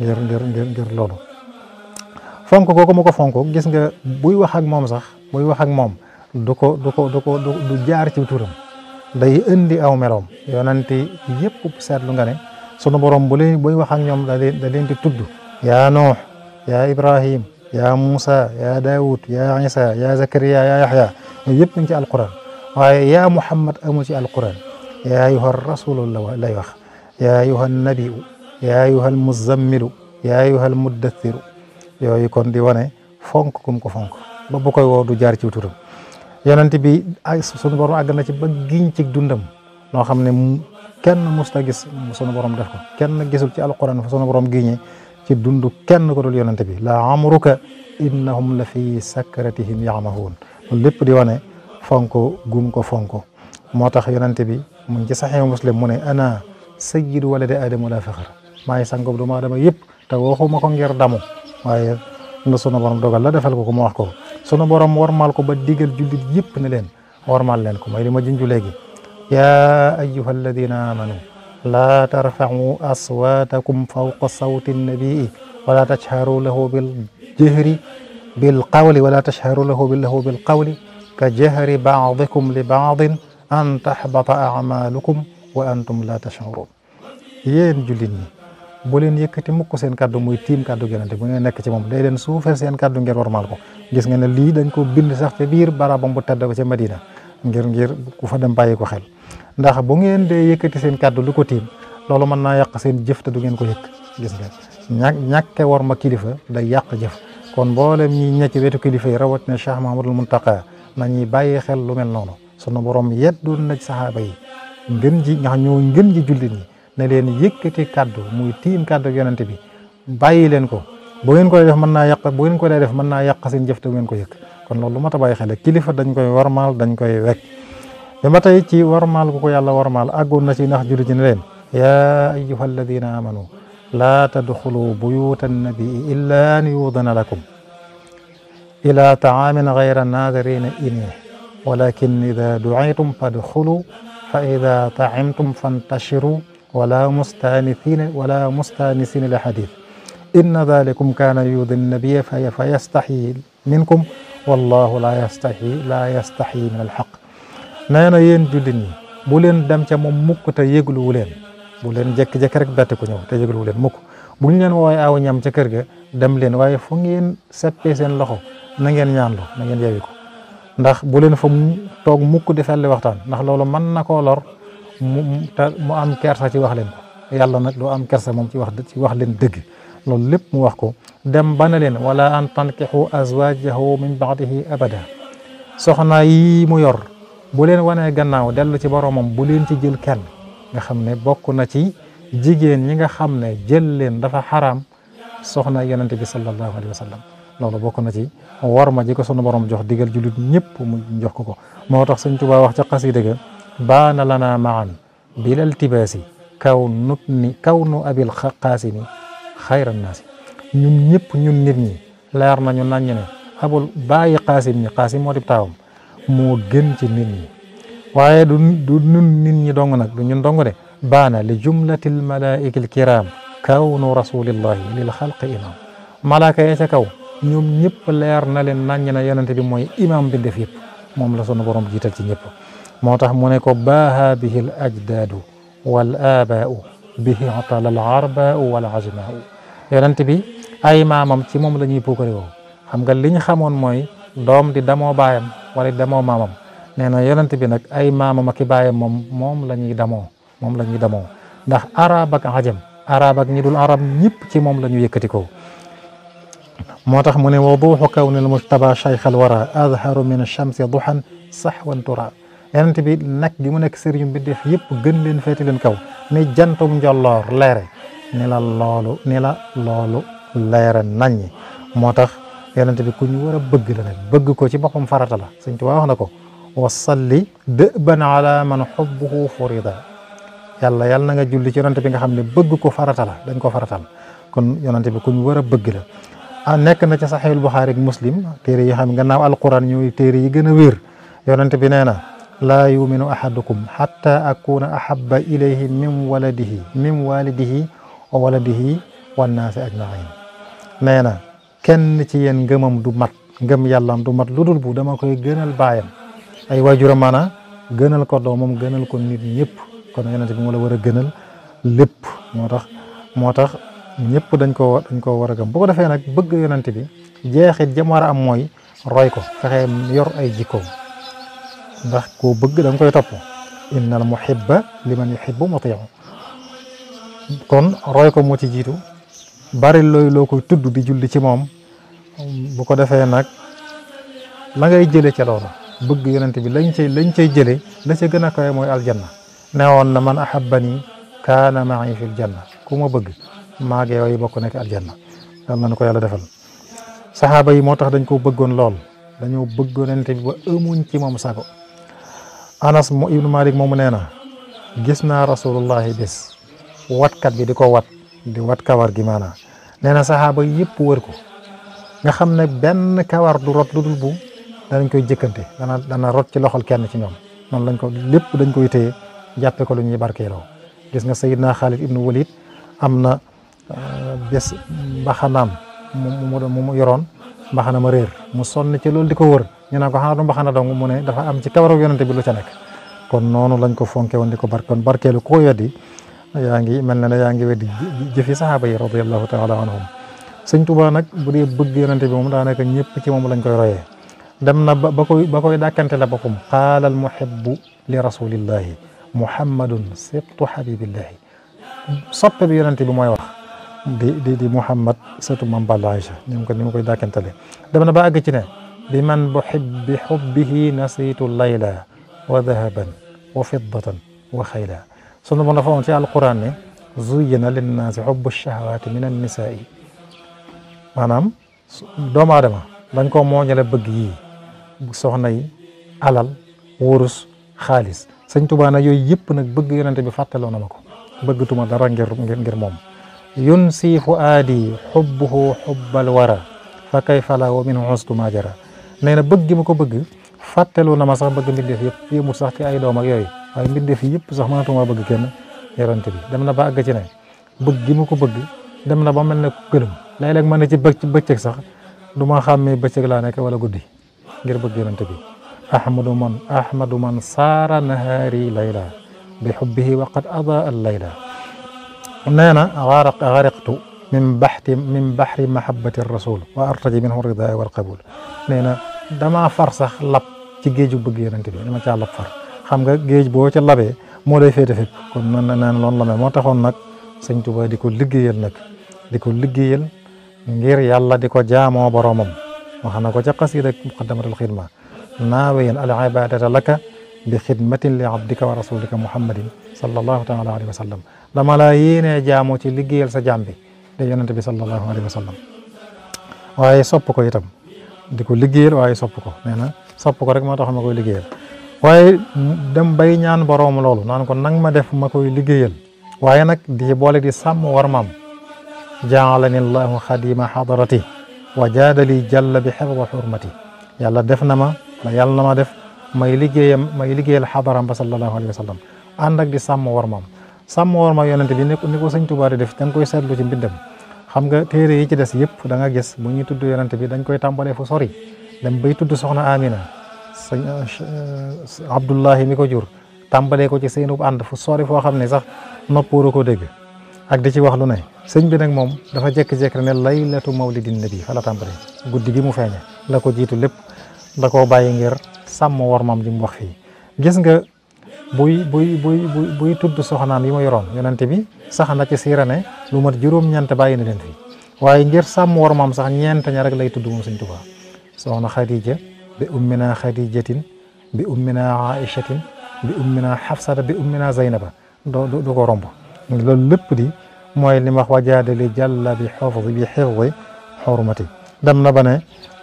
غير غير غير لولو fonko koko moko fonko gis nga buy wax ak mom sax buy wax ak mom du ko du ko du ko du jaar ci turam day indi aw meloom yonante yëpp seetlu nga ne sunu borom bu leen buy wax ak ñom da leen da leen di tuddu ya Nuux ya Ibrahim ya musa ya daud ya Isa ya zakaria ya yahya yep ñu ci alquran waye ya Muhammad amu ci alquran yaa ayyuha rasul la lay wax yaa ayyuha nabiu yaa ayyuha almuzammilu yaa ayyuha almuddathiru yooyu kon di wone fonk kum ko fonk ba bu koy woo du jaar ci turam yonent bi ay sunu àgg na ci ba giñ ci dundam noo xam ne kenn musta gis sunu borom def ko kenn gisul ci alquran fa sunu borom giñee ci dund kenn ko dul yonent bi la amruka innahum la fi sakratihim yamahuun loolu lépp di wane fonk gum ko fonk moo tax yonent bi mu ci saxiix muslim mu ne ana sayyidu walade aadama la faxar maay sangob doomu aadama yëpp te waxuma ko ngir damu waaye la sunu borom dogal la defal ko ko mu wax ko sunu borom warmaal ko ba digal jullit yëpp ne leen warmaal leen ko mooy li ma junju léegi yaa ayyuha alladina amanu laa tarfacu aswaatakum fawqa sawti nnabii wala tashharu lahu biljahri bilqawli wala tashharu lahu bilahu bilqawli ka jahri bacdikum li bacdin an taxbata acmaalukum wa antum la tashcuruun yéen jullit ñi bo len yekati mukk sen kaddu muy tim kaddu yonente bu ngeen nek ci mom day len suufeel sen kaddu ngeen warmaal ko gis ngeen li dañ ko bind sax ca bara barabam bu tedd ba ci medina ngir ngir ku fa dem bayiko xel ndax bu ngeen de yekati sen kaddu lu ko tim lolu man na yak sen jëf te du ngeen ko yek gis nga ñak ke war ma kilifa day yak jëf kon mboolem ñi ñecc wetu kilifa yi na Cheikh muntaka. Muntaqa nañuy bàyyi xel lu mel noonu sunu borom yeddul na sahaba yi ngeen ji nga ñoo ngeen ji jullit ne leen yëkkati kaddu muy tiim kaddu yonent bi bàyyi leen ko bu ngeen koy def mën naa yàq bu ngeen ko dee def mën naa yàq seen jëf te bu ngeen ko yëg kon loolu lu mat a bàyyi xel kilifa dañ koy warmaal dañ koy wekk bi ba tey ci warmaal bu ko yàlla warmaal àggoon na ci ndax jullit ji ne leen yaa ayyuha alladina amanu laa tadxulu buyuta annabii illa an yuudana lakum ila taamin gayra naazirina inih walakin ida duaytum fadxulu fa ida taimtum fantashiru ولا مستانسين ولا مستانسين لحديث إن ذلكم كان يؤذي النبي في فيستحي منكم والlahu laa yastahi laa yastahi min al xaq nee na yéen jullit ñi bu leen dem ca moom mukk te yëgluwu leen bu leen jekki-jekki rek bett ku ñëw te yëgluwu leen mukk bu ñu leen woowee aw ñam ca kër ga dem leen waaye fu ngeen seppee seen loxo na ngeen ñaanlu na ngeen yewi ko ndax bu leen fa toog mukk di felli waxtaan ndax loolu mën na koo lor mu mu am kersa ci wax leen ko nag doo am kersa moom ci wax ci wax leen dëgg loolu lépp mu wax ko dem ba ne leen wala an tankixu azwajahu min baadihi abada soxna yi mu yor bu leen wanee gannaaw dellu ci boromam bu leen ci jël kenn nga xam ne bokk na ci jigéen ñi nga xam ne jël leen dafa xaraam soxna yonente bi sallallahu alayhi wa sallam loolu bokk na ci war ma ji ko sunu borom jox digal julit ñëpp mu jox ko ko moo tax Sëñ Tuubaa wax ca xasida ga baana lana maan bila iltibaasi kawnu ni kawnu abil qaasimi xayra naasi ñun ñëpp ñun nit ñi leer nañu nañu ne abul bàyyi qaasim ñi qaasim moo di taawam moo gën ci nit ñi waaye du nun nit ñi dong nag du ñun dong de baana li jumlatil malaa'ikil kiraam kawnu rasulillahi lil xalqi imam malaaka ya ca kaw ñoom ñëpp leer na leen naññ na yonente bi mooy imam bi def yëpp moom la sunu borom jiital ci ñëpp موتاح مونيك باها به الأجداد والآباء به عطل العرباء والعزماء يلانتبي أي ما ممتي موم لني بوكريو هم قال لني خامون موي دوم دي دمو بايم ولي دمو مامم نينا يلانتبي نك أي ما ممكي بايم موم موم لني دمو مم لني دمو ده عربك عجم عربك نيدول عرب نيب تي موم لني يكتكو موتاح مونيك وضوح كون المجتبى شيخ الورى أظهر من الشمس ضحا صحوا تراب yonent bi nag gi mu nekk sëriñu mbindeef yëpp gën leen féete leen kaw ni jantum njolloor leere ni la loolu ni la loolu leere naññi moo tax yonent bi ku ñu war a bëgg la bëgg ko ci boppam farata la Sëriñ Tuubaa wax na ko wasalli dëban ala man xubbuhu furida yàlla yàlla na nga julli ci yonent bi nga xam ne bëgg ko farata la dañ ko faratal kon yonent bi ku ñu war a bëgg la ah nekk na ci saxiihul Buxaari ak Muslim téere yi xam ne gannaaw alquran ñooy téere yi gën a wér yonent bi nee na لا يؤمن أحدكم حتى أكون أحب إليه من ولده من والده وولده والناس أجمعين نينا كن نتيين غمم دو مات غم يالام دو مات لودول بو داما كوي غنال بايام اي واجورا مانا غنال كو دومم غنال كو نيت نيب كون يونس بي مولا ورا غنال لب موتاخ موتاخ نيب دنجكو وات نكو ورا غم بوكو دافاي نك بيغ يونس بي جيخيت جامارا ام موي روي كو فخيم يور اي جيكو ndax ko bëgg da nga koy top inna muhibba liman yuhibbu mutiu kon roy ko moo ci jiitu bari loy loko tudd di julli ci mom bu ko defé nak la ngay jëlé ci lolu bëgg yonent bi lañ cey lañ cey jëlé la ci gëna koy moy aljanna newoon na man ahabbani kana ma'i fil janna ku ma bëgg maag yoy bokku nek aljanna dal nañ ko yalla defal sahaba yi moo tax dañ ko bëggon lool dañu bëgg yonent bi ba amuñ ci mom sago anas mu ibnu malik moomu nee na gis naa rasulullahi bis watkat bi di ko wat di wat kawar gi maana nee na saxaaba yëpp wër ko nga xam ne benn kawar du rot lu dul bu danañ koy jëkkante dana dana rot ci loxol kenn ci ñoom noonu lañ ko lépp dañ koy téye jàppe ko lu ñuy barkeeloo gis nga sayidna xaalid ibnu walid am na euh, bés mbaxanaam mu mu yoroon mbaxana ma réer mu sonn ci loolu di ko wër ñu naan ko xanaa du mbaxana dong mu ne dafa am ci kawaru yonente bi lu ca nekk kon noonu lañ ko fonke woon di ko bar kon barkeelu ku ko weddi yaa ngi na ne la yaa ngi weddi jëfi sahaaba yi radiallahu taala anhum sëñ Tuubaa nag bu dee bëgg yonente bi moom daanaka ñëpp ci moom lañ koy royee dem na ba koy ba koy dàkkante la boppam qaala al muhibbu li rasulillahi muhammadun sibtu habibillahi soppe bi yonente bi mooy wax di di di Muhammad sëtu Maam Balla Aïcha ni mu ko ni mu koy dàkkantale dem na ba àgg ci ne bi man bu xibbi xubbihi nasiitu layla wa dahaban wa fiddatan wa xayla sunu mo dafa woon ci alquran ne zuyina linnaasi xubbu shahawaati min annisaai maanaam doomu aadama dañ ko mooñale bëgg yii soxna yi alal wurus xaalis sëñ Tuubaa na yooyu yëpp nag bëgg yonente bi fàttaloo na ma ko bëggatuma dara ngir ngir moom ينسي فؤادي حبه حب الورى فكيف لا ومن عصت ما جرى نينا بغي مكو بغي فاتلو نما صاح بغي ميد ديف يمو صاح تي اي دوم اك يوي اي ميد ديف ييب صاح ما نتو ما بغي كين يرانت بي دمنا با اغا تي ناي بغي مكو بغي دمنا با ملنا كلم لاي لك مانا تي بك تي بك صاح دوما خامي بك لا نيك ولا غودي غير بغي يرانت بي احمد من احمد من صار نهاري ليلى بحبه وقد اضاء الليلى أن أنا غارق غرقت من بحث من بحر محبة الرسول وأرتج منه الرضا والقبول نينا دما فرسخ لب تيجي بغير أنت ما تعال لب فر خم جيج بوش الله به مو لي فيت فيت كنا نانا نلون لما ما تخون نك سنجوا ديكو لجيل نك ديكو لجيل غير يالله ديكو جامع برامم وخنا كجاقسي ديك مقدمة الخدمة ناوي العبادة لك بخدمة لعبدك ورسولك محمد sallallahu taala alayhi wa sallam dama la yéenee jaamoo ci liggéeyal sa jaam bi de yonente bi sallallahu alayhi wa sallam waaye sopp ko itam di ko liggéeyal waaye sopp ko nee na sopp ko rek moo tax ma koy liggéeyal waaye dem bay ñaan boroom loolu naan ko nang ma def ma koy liggéeyal waaye nag di boole di sàmm warmaam jaalani llahu xadima xadarati wa jaadali jalla bi xifda xurmati yàlla def na ma la yàlla na ma def may liggéeyam may liggéeyal xadaram ba sallallahu alayhi wasallam sallam di sàmm warmam sàmm warma yonente bi ni ko ni ko sëñ di def da nga koy seetlu ci mbindam xam nga téere yi ci des yépp da nga gis bu ñuy tudd yonente bi dañ koy tàmbalee fu sori dem bay tudd soxna Amina sëñ eh, eh, Abdullahi mi ko jur tàmbalee ko ci seenub ànd fu sori foo xam ne sax nopp ko dégg ak di ci wax lu ne sëñ bi nag moom dafa jékki-jékki ne laylatu mawlidin nabi fa la tàmbalee mu feeñe la ko jiitu lépp da koo bàyyi ngir sàmm wormaam ji mu wax fii gis nga buy buy buy buy tudd soxnaam yi ma yoroon yonente bi sax na ci siira ne lu mat juróom-ñeent bàyyi na leen fi waaye ngir sàmm wormaam sax ñeent ña rek lay tudd moom Sëñ Tuubaa soxna Xadija bi ummina Xadijatin bi ummina Aichatin bi ummina Xafsata bi ummina Zeynaba du du ko romb loolu lépp di mooy li ma wax wajaadali jàlla bi xofsi bi xifdi xormati dem na ba ne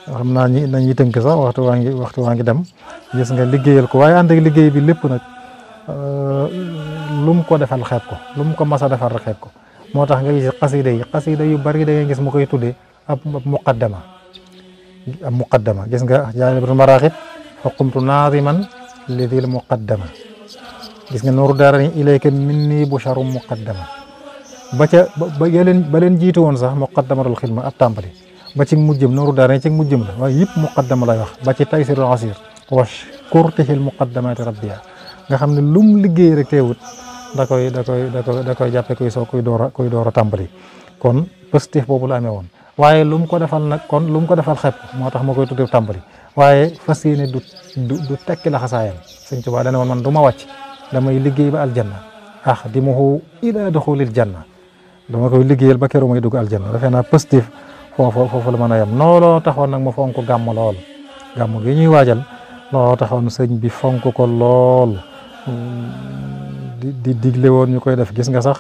xam naa ñi nañuy tënk sax waxtu waa ngi waxtu waa ngi dem gis nga liggéeyal ko waaye ànd liggéey bi lépp nag euh, lu mu ko defal xeeb ko lu mu ko mas a defal xeeb ko moo tax nga gis xasida yi xasida yu bari da ngay gis mu koy tuddee ab muqaddama ab muqaddama gis nga jaalibatul maraaxib xuqumtu naziman lidil muqaddama gis nga nooru daara ni ilayka minni busharu muqaddama ba ca ba leen ba leen jiitu woon sax muqaddamatul xidma ab tàmbali ba ci mujjëm nooru daaree ci mujjëm la waaye yëpp muqaddama lay wax ba ci taysirul asir wash kurtihil muqaddamati rabbiya nga xam ne lum liggéey rek teewut da koy da koy da koy da koy jàppe kuy soo kuy door a tàmbali kon positif boobu la amee woon waaye lu mu ko defal nag kon lu mu ko defal xepp moo tax ma koy tuddee tàmbali waaye fas yéene du du du tekki la xasaayam sëñ Tuubaa dana woon man du ma wàcc damay liggéey ba aljanna ah di ma xoo ila duxulil janna dama koy liggéeyal ba keroog may dugg aljanna defe foofu foofu la mën a yem looloo taxoon nag ma fonk gàmm lool gàmm gi ñuy waajal looloo taxoon sëñ bi fonk ko lool di di digle woon ñu koy def gis nga sax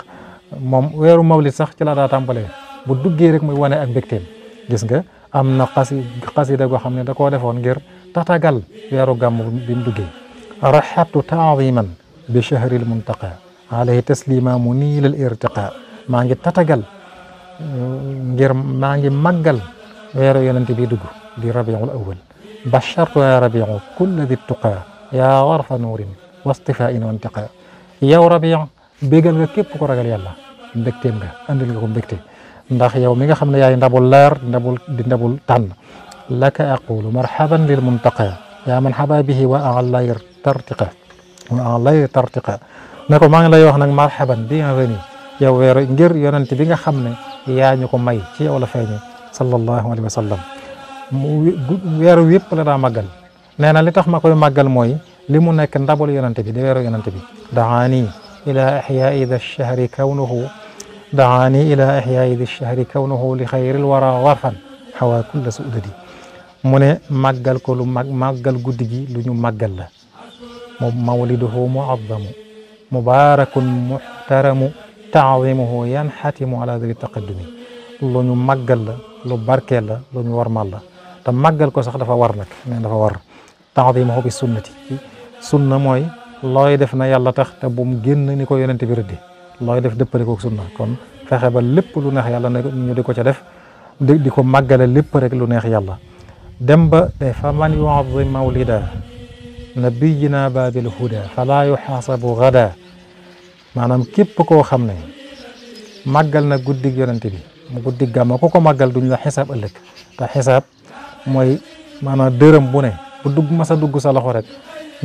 moom weeru mawlit sax ci la daa tàmbalee bu duggee rek muy wane ak mbégteem gis nga am na xasi xasida goo xam ne da koo defoon ngir tatagal weeru gàmm bi mu duggee rahabtu taadiman bi chahril muntaqa alayhi taslima munil al irtiqa maa ngi tatagal ngir maa ngi màggal weeru yonent bi dugg di rabiul awal bashartu ya rabiu kulla di tuqaa yaa warfa nuurin wastifain wa intiqaa yow rabiu bégal nga képp ko ragal yàlla mbégteem nga andil nga ko mbégte ndax yow mi nga xam ne yaay ndabul leer ndabul di ndabul tànn laka aqulu marhaban lil muntaqa yaa man xabaa bihi wa alayr tartiqa wa alayr tartiqa ne ko maa ngi lay wax nag marhaban bienvenue yow weeru ngir yonent bi nga xam ne yaa ñu ko may ci yow la feeñe sallallahu alayhi wa sallam weeru yëpp la daa màggal nee na li tax ma koy màggal mooy li mu nekk ndabal yonent bi di weeru yonent bi daani ila ihyaa'i da shahri kawnuhu daani ila ihyaa'i da shahri kawnuhu li xayril wara warfan xawaa kulla suudadi mu ne màggal ko lu mag màggal guddi gi lu ñu màggal la mu mawliduhu muazzamu mubarakun muhtaramu تعظيمه ينحتم على ذي التقدم لونو مغل لو باركل لونو ورمال تا مغل كو صاح دا فوار نك نين دا فوار تعظيمه بسنتي سنه موي لوي دفنا يالا تخ تا بوم ген نيكو يوننت بي ردي لوي دف دبل كو سنه كون فخه با ليب لو نخ يالا نيو ديكو تا ديف ديكو مغل ليب رك لو نخ يالا دم دي فمن يعظم مولدا نبينا باب الهدى فلا يحاسب غدا manam kep ko xamne magal na guddig yonente bi mu guddig gam ko ko magal duñ la hisab ëllëg ta hisab moy manam dërëm bu ne bu dugg sa dugg sa loxo rek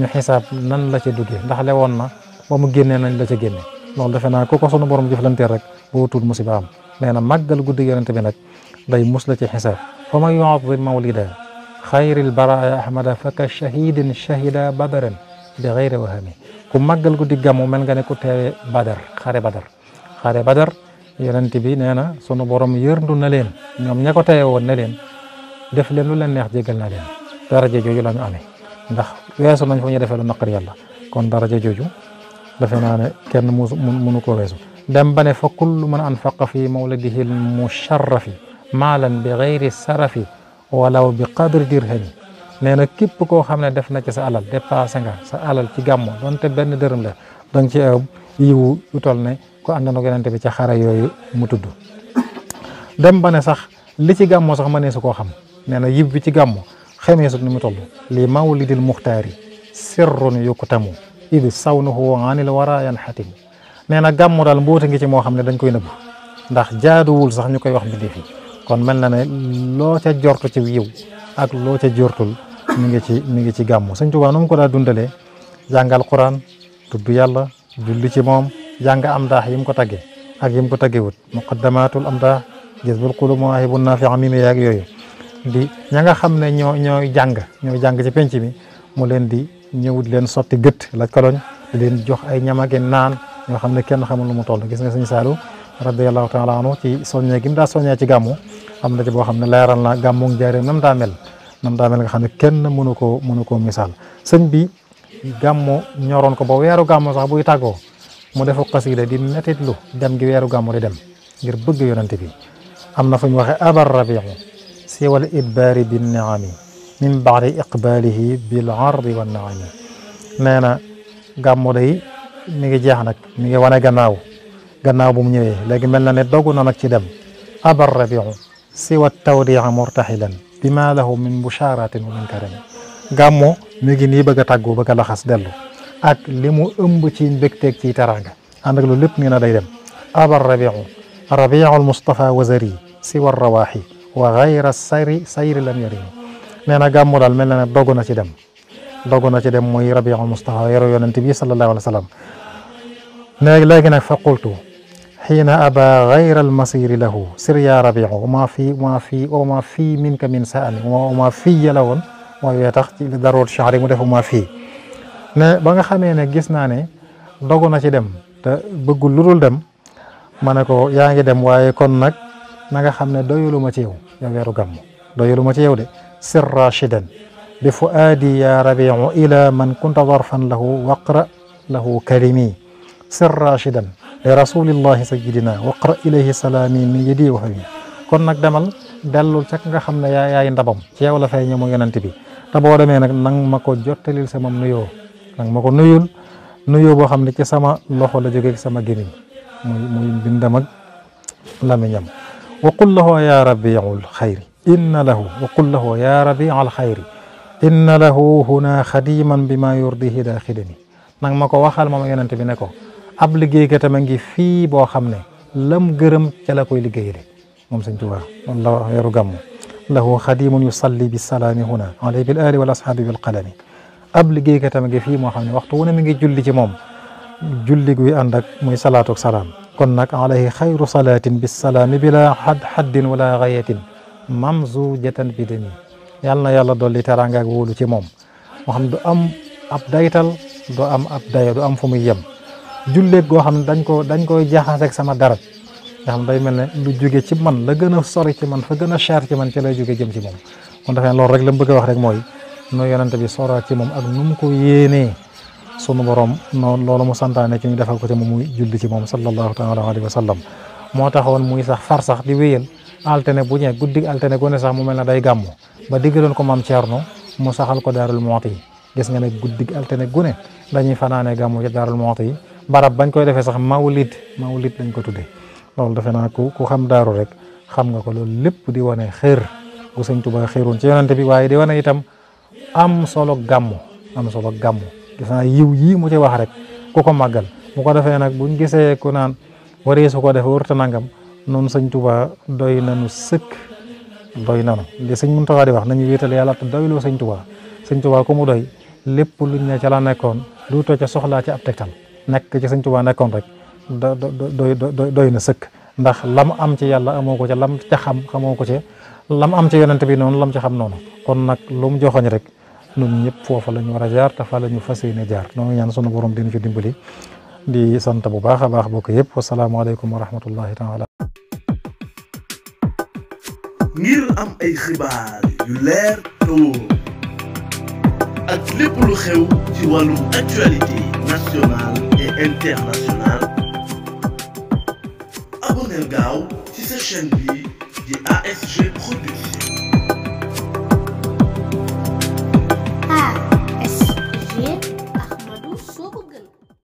ñu hisab nan la ci duggé ndax lewoon na ba mu génné nañ la ci génne lool defe na ko ko sunu borom jëflanté rek boo tuut musiba am neena magal guddig yonente bi nag day musla ci hisab fa man yu'adhim mawlida xayril baraaya ahmada faka shahidin shahida badaran bi xayri ku màggal guddi gàmmu mel nga ne ku teewe badar xare badar xare badar yonent bi nee na sunu borom yërndu na leen ñoom ña ko teewe woon ne leen def leen lu leen neex jégal na leen daraja jooju la ñu amee ndax weesu nañ fu ñu defee lu naqar yàlla kon daraja jooju defe naa ne kenn mënu ko weesu dem ba ne fa kullu man anfaqa fi mawladihi al musharrafi maalan bi gayri sarafi walaw bi qadri dirhami nee na képp koo xam ne def na ci sa alal dépassé nga sa alal ci gàmmu donte benn dërëm la danga ci aw yiwu yu toll ne ko àndoon ak bi ci xare yooyu mu tudd dem ba ne sax li ci gàmmu sax ma mënee su koo xam nee na yib bi ci gàmmu xamee sut nu mu toll li mawlidil muxtaari sirrun yuktamu idi sawnuhu anil wara yan xatim nee na gàmmu daal mbóota ngi ci moo xam ne dañ koy nëbb ndax jaaduwul sax ñu koy wax mbindéef yi kon mel na ne loo ca jortu ci yiw ak loo ca jortul mi ngi ci mi ngi ci gamu sëñ touba num ko da dundale jangal quran tubbi yalla julli ci mom jang am daax yim ko tagge ak yim ko tagge wut muqaddamatul amda jazbul wa nafi'a mim yak yoy di ña nga xam ne ñoo ñooy jàng ci penc mi mu len di ñewut len soti geut gët koloñ di len jox ay ñamage naan ñoo xam kenn xamul lu mu toll gis nga sëñ Saalu radiyallahu taala anhu ci soññee gi mu daa soññee ci gamu amna ci bo xamne leral na gamu ngi jare nam da mel ñoom da mel nga xamne kenn munuko munuko misal koo sëñ bi gamu ñoron ko ba wéru gamu sax buy tàggoo mu defu qasida di metitlu dem gi wéru gamu di dem ngir bëgg yonante bi amna fuñ waxe abar rabiu siwal idbaari bin niami min ba'di iqbalihi bil 'ard wa naami nee gamu day mi ngi jeex nak mi ngi wone gannaaw gannaaw bu mu ñëwé léegi melna ne dogu na nag ci dem abar rabiu siwa tawdia murtaxilan bi maa lahu min busharatin wa min karim gàmmo mi ngi nii bëgg a tàggoo bëgg a laxas dellu ak li mu ëmb ci mbégteeg ci teraanga ànd ak loolu lépp ñu ne day dem abar rabiu rabiul mustafa wazari si war rawaxi wa gayra sayri sayri lam yarim nee na gàmmu daal mel na ne dogu na ci dem dogu na ci dem muy rabiul mustafa yoro yonent bi sallallahu alayhi wa sallam léegi nag fa qultu حين أبى غير المصير له سر يا ربيع وما في وما في وما في منك من سأل وما في la woon mooy wee tax ci daroot chanre mu def wama fii ne ba nga xamee ne gis naa ne dogu na ci dem te bëggul lu dul dem ma ne ko yaa ngi dem waaye kon nag na nga xam ne doyalu ma ci yow yow weeru gàmm doyalu ma ci yow de sir rachidan bi fuaadi ya rabiu ila man kunta darfan lahu waqra lahu kalimi sir rachidan li rasulillahi sayidina waqra ilayhi salaami min yedi wa hawi kon nag demal dellul ca nga xam ne yaa yaay ndabam ci yow la fay ñëw yonent bi te boo demee nag nang ma ko jottalil sama nuyoo nang ma ko nuyul nuyoo boo xam ne ci sama loxo la jógee sama gémiñ muy muy bindam ak lamiñam wa qul lahu ya rabbi al xayri inna lahu wa qul lahu ya rabbi al xayri inna lahu huna xadiman bima yurdihi daaxilini nang ma ko waxal moom yonent bi ne ko ab liggéeykatam a ngi fii boo xam ne lam gërëm ca la koy liggéeyale moom sëñ Tuubaa wallahu yaru gàmmu lahu xadimun yusalli bi salaami huna alay bil ali wal ashaabi bil qalami ab liggéeykatam ngi fii moo xam ne waxtu wu ne mi ngi julli ci moom julli guy ànd ak muy salaatu ak salaam kon nag alayhi xayru salaatin bi salaami bila xad xaddin wala xayatin mamzujatan bi demi yàlla na yàlla dolli teraanga ak wóolu ci moom moo xam du am ab daytal du am ab daya du am fu muy yem julle go xamne dañ ko dañ koy ak sama dara nga xam day melne lu joge ci man la gëna sori ci man fa gëna xaar ci man ci lay joge jëm ci mom kon dafa lool rek la bëgg wax rek moy no yonent bi sora ci mom ak num ko yene sunu borom no loolu mu santane ci ñu defal ko ci mom muy julli ci mom sallallahu taala alayhi wa sallam muy sax far sax di wéyal altene bu ñe guddi altene gone sax mu melna day gamu ba diggaloon ko mam ciarno mu saxal ko darul muati gis nga ne guddi altene gune dañuy fanane gamu ci darul muati barab bañ koy defé sax mawlid mawlid lañ ko tudde lolou defé na ku ku xam daaru rek xam nga ko lolou lepp di wane xër gu señ tuba xëroon ci yonante bi waye di wane itam am solo gamu am solo gamu gis na yiw yi mu ci wax rek ku ko magal mu ko defé nak buñu gisé ku naan waré su ko defee warta nangam non señ Tuubaa doy nañu sëkk doy nañu li señ Muntaxa di wax nañu wéetal yàlla te doyloo señ Tuubaa señ Tuubaa ku mu doy lepp luñ ne ci la nekkon du to ci soxla ci ab tektal nekk ci sëñ Tuubaa nekkoon rek do do doy na sëkk ndax lam am ci yàlla amoo ko ca lam ca xam xamoo ko ca lam am ci yonent bi noonu lam ci xam noonu kon nag lu mu joxoñ rek ñun ñëpp foofa la ñu war a jaar te fa la ñu fas yéene jaar noonu ñaan sunu borom dina ci dimbali di sant bu baax a baax bokk yëpp wasalaamaaleykum wa rahmatullahi taala ngir am ay xibaar yu leer te ak lépp lu xew ci wàllum actualité nationale international abonnez vous à cette chaîne de ASG Production ah.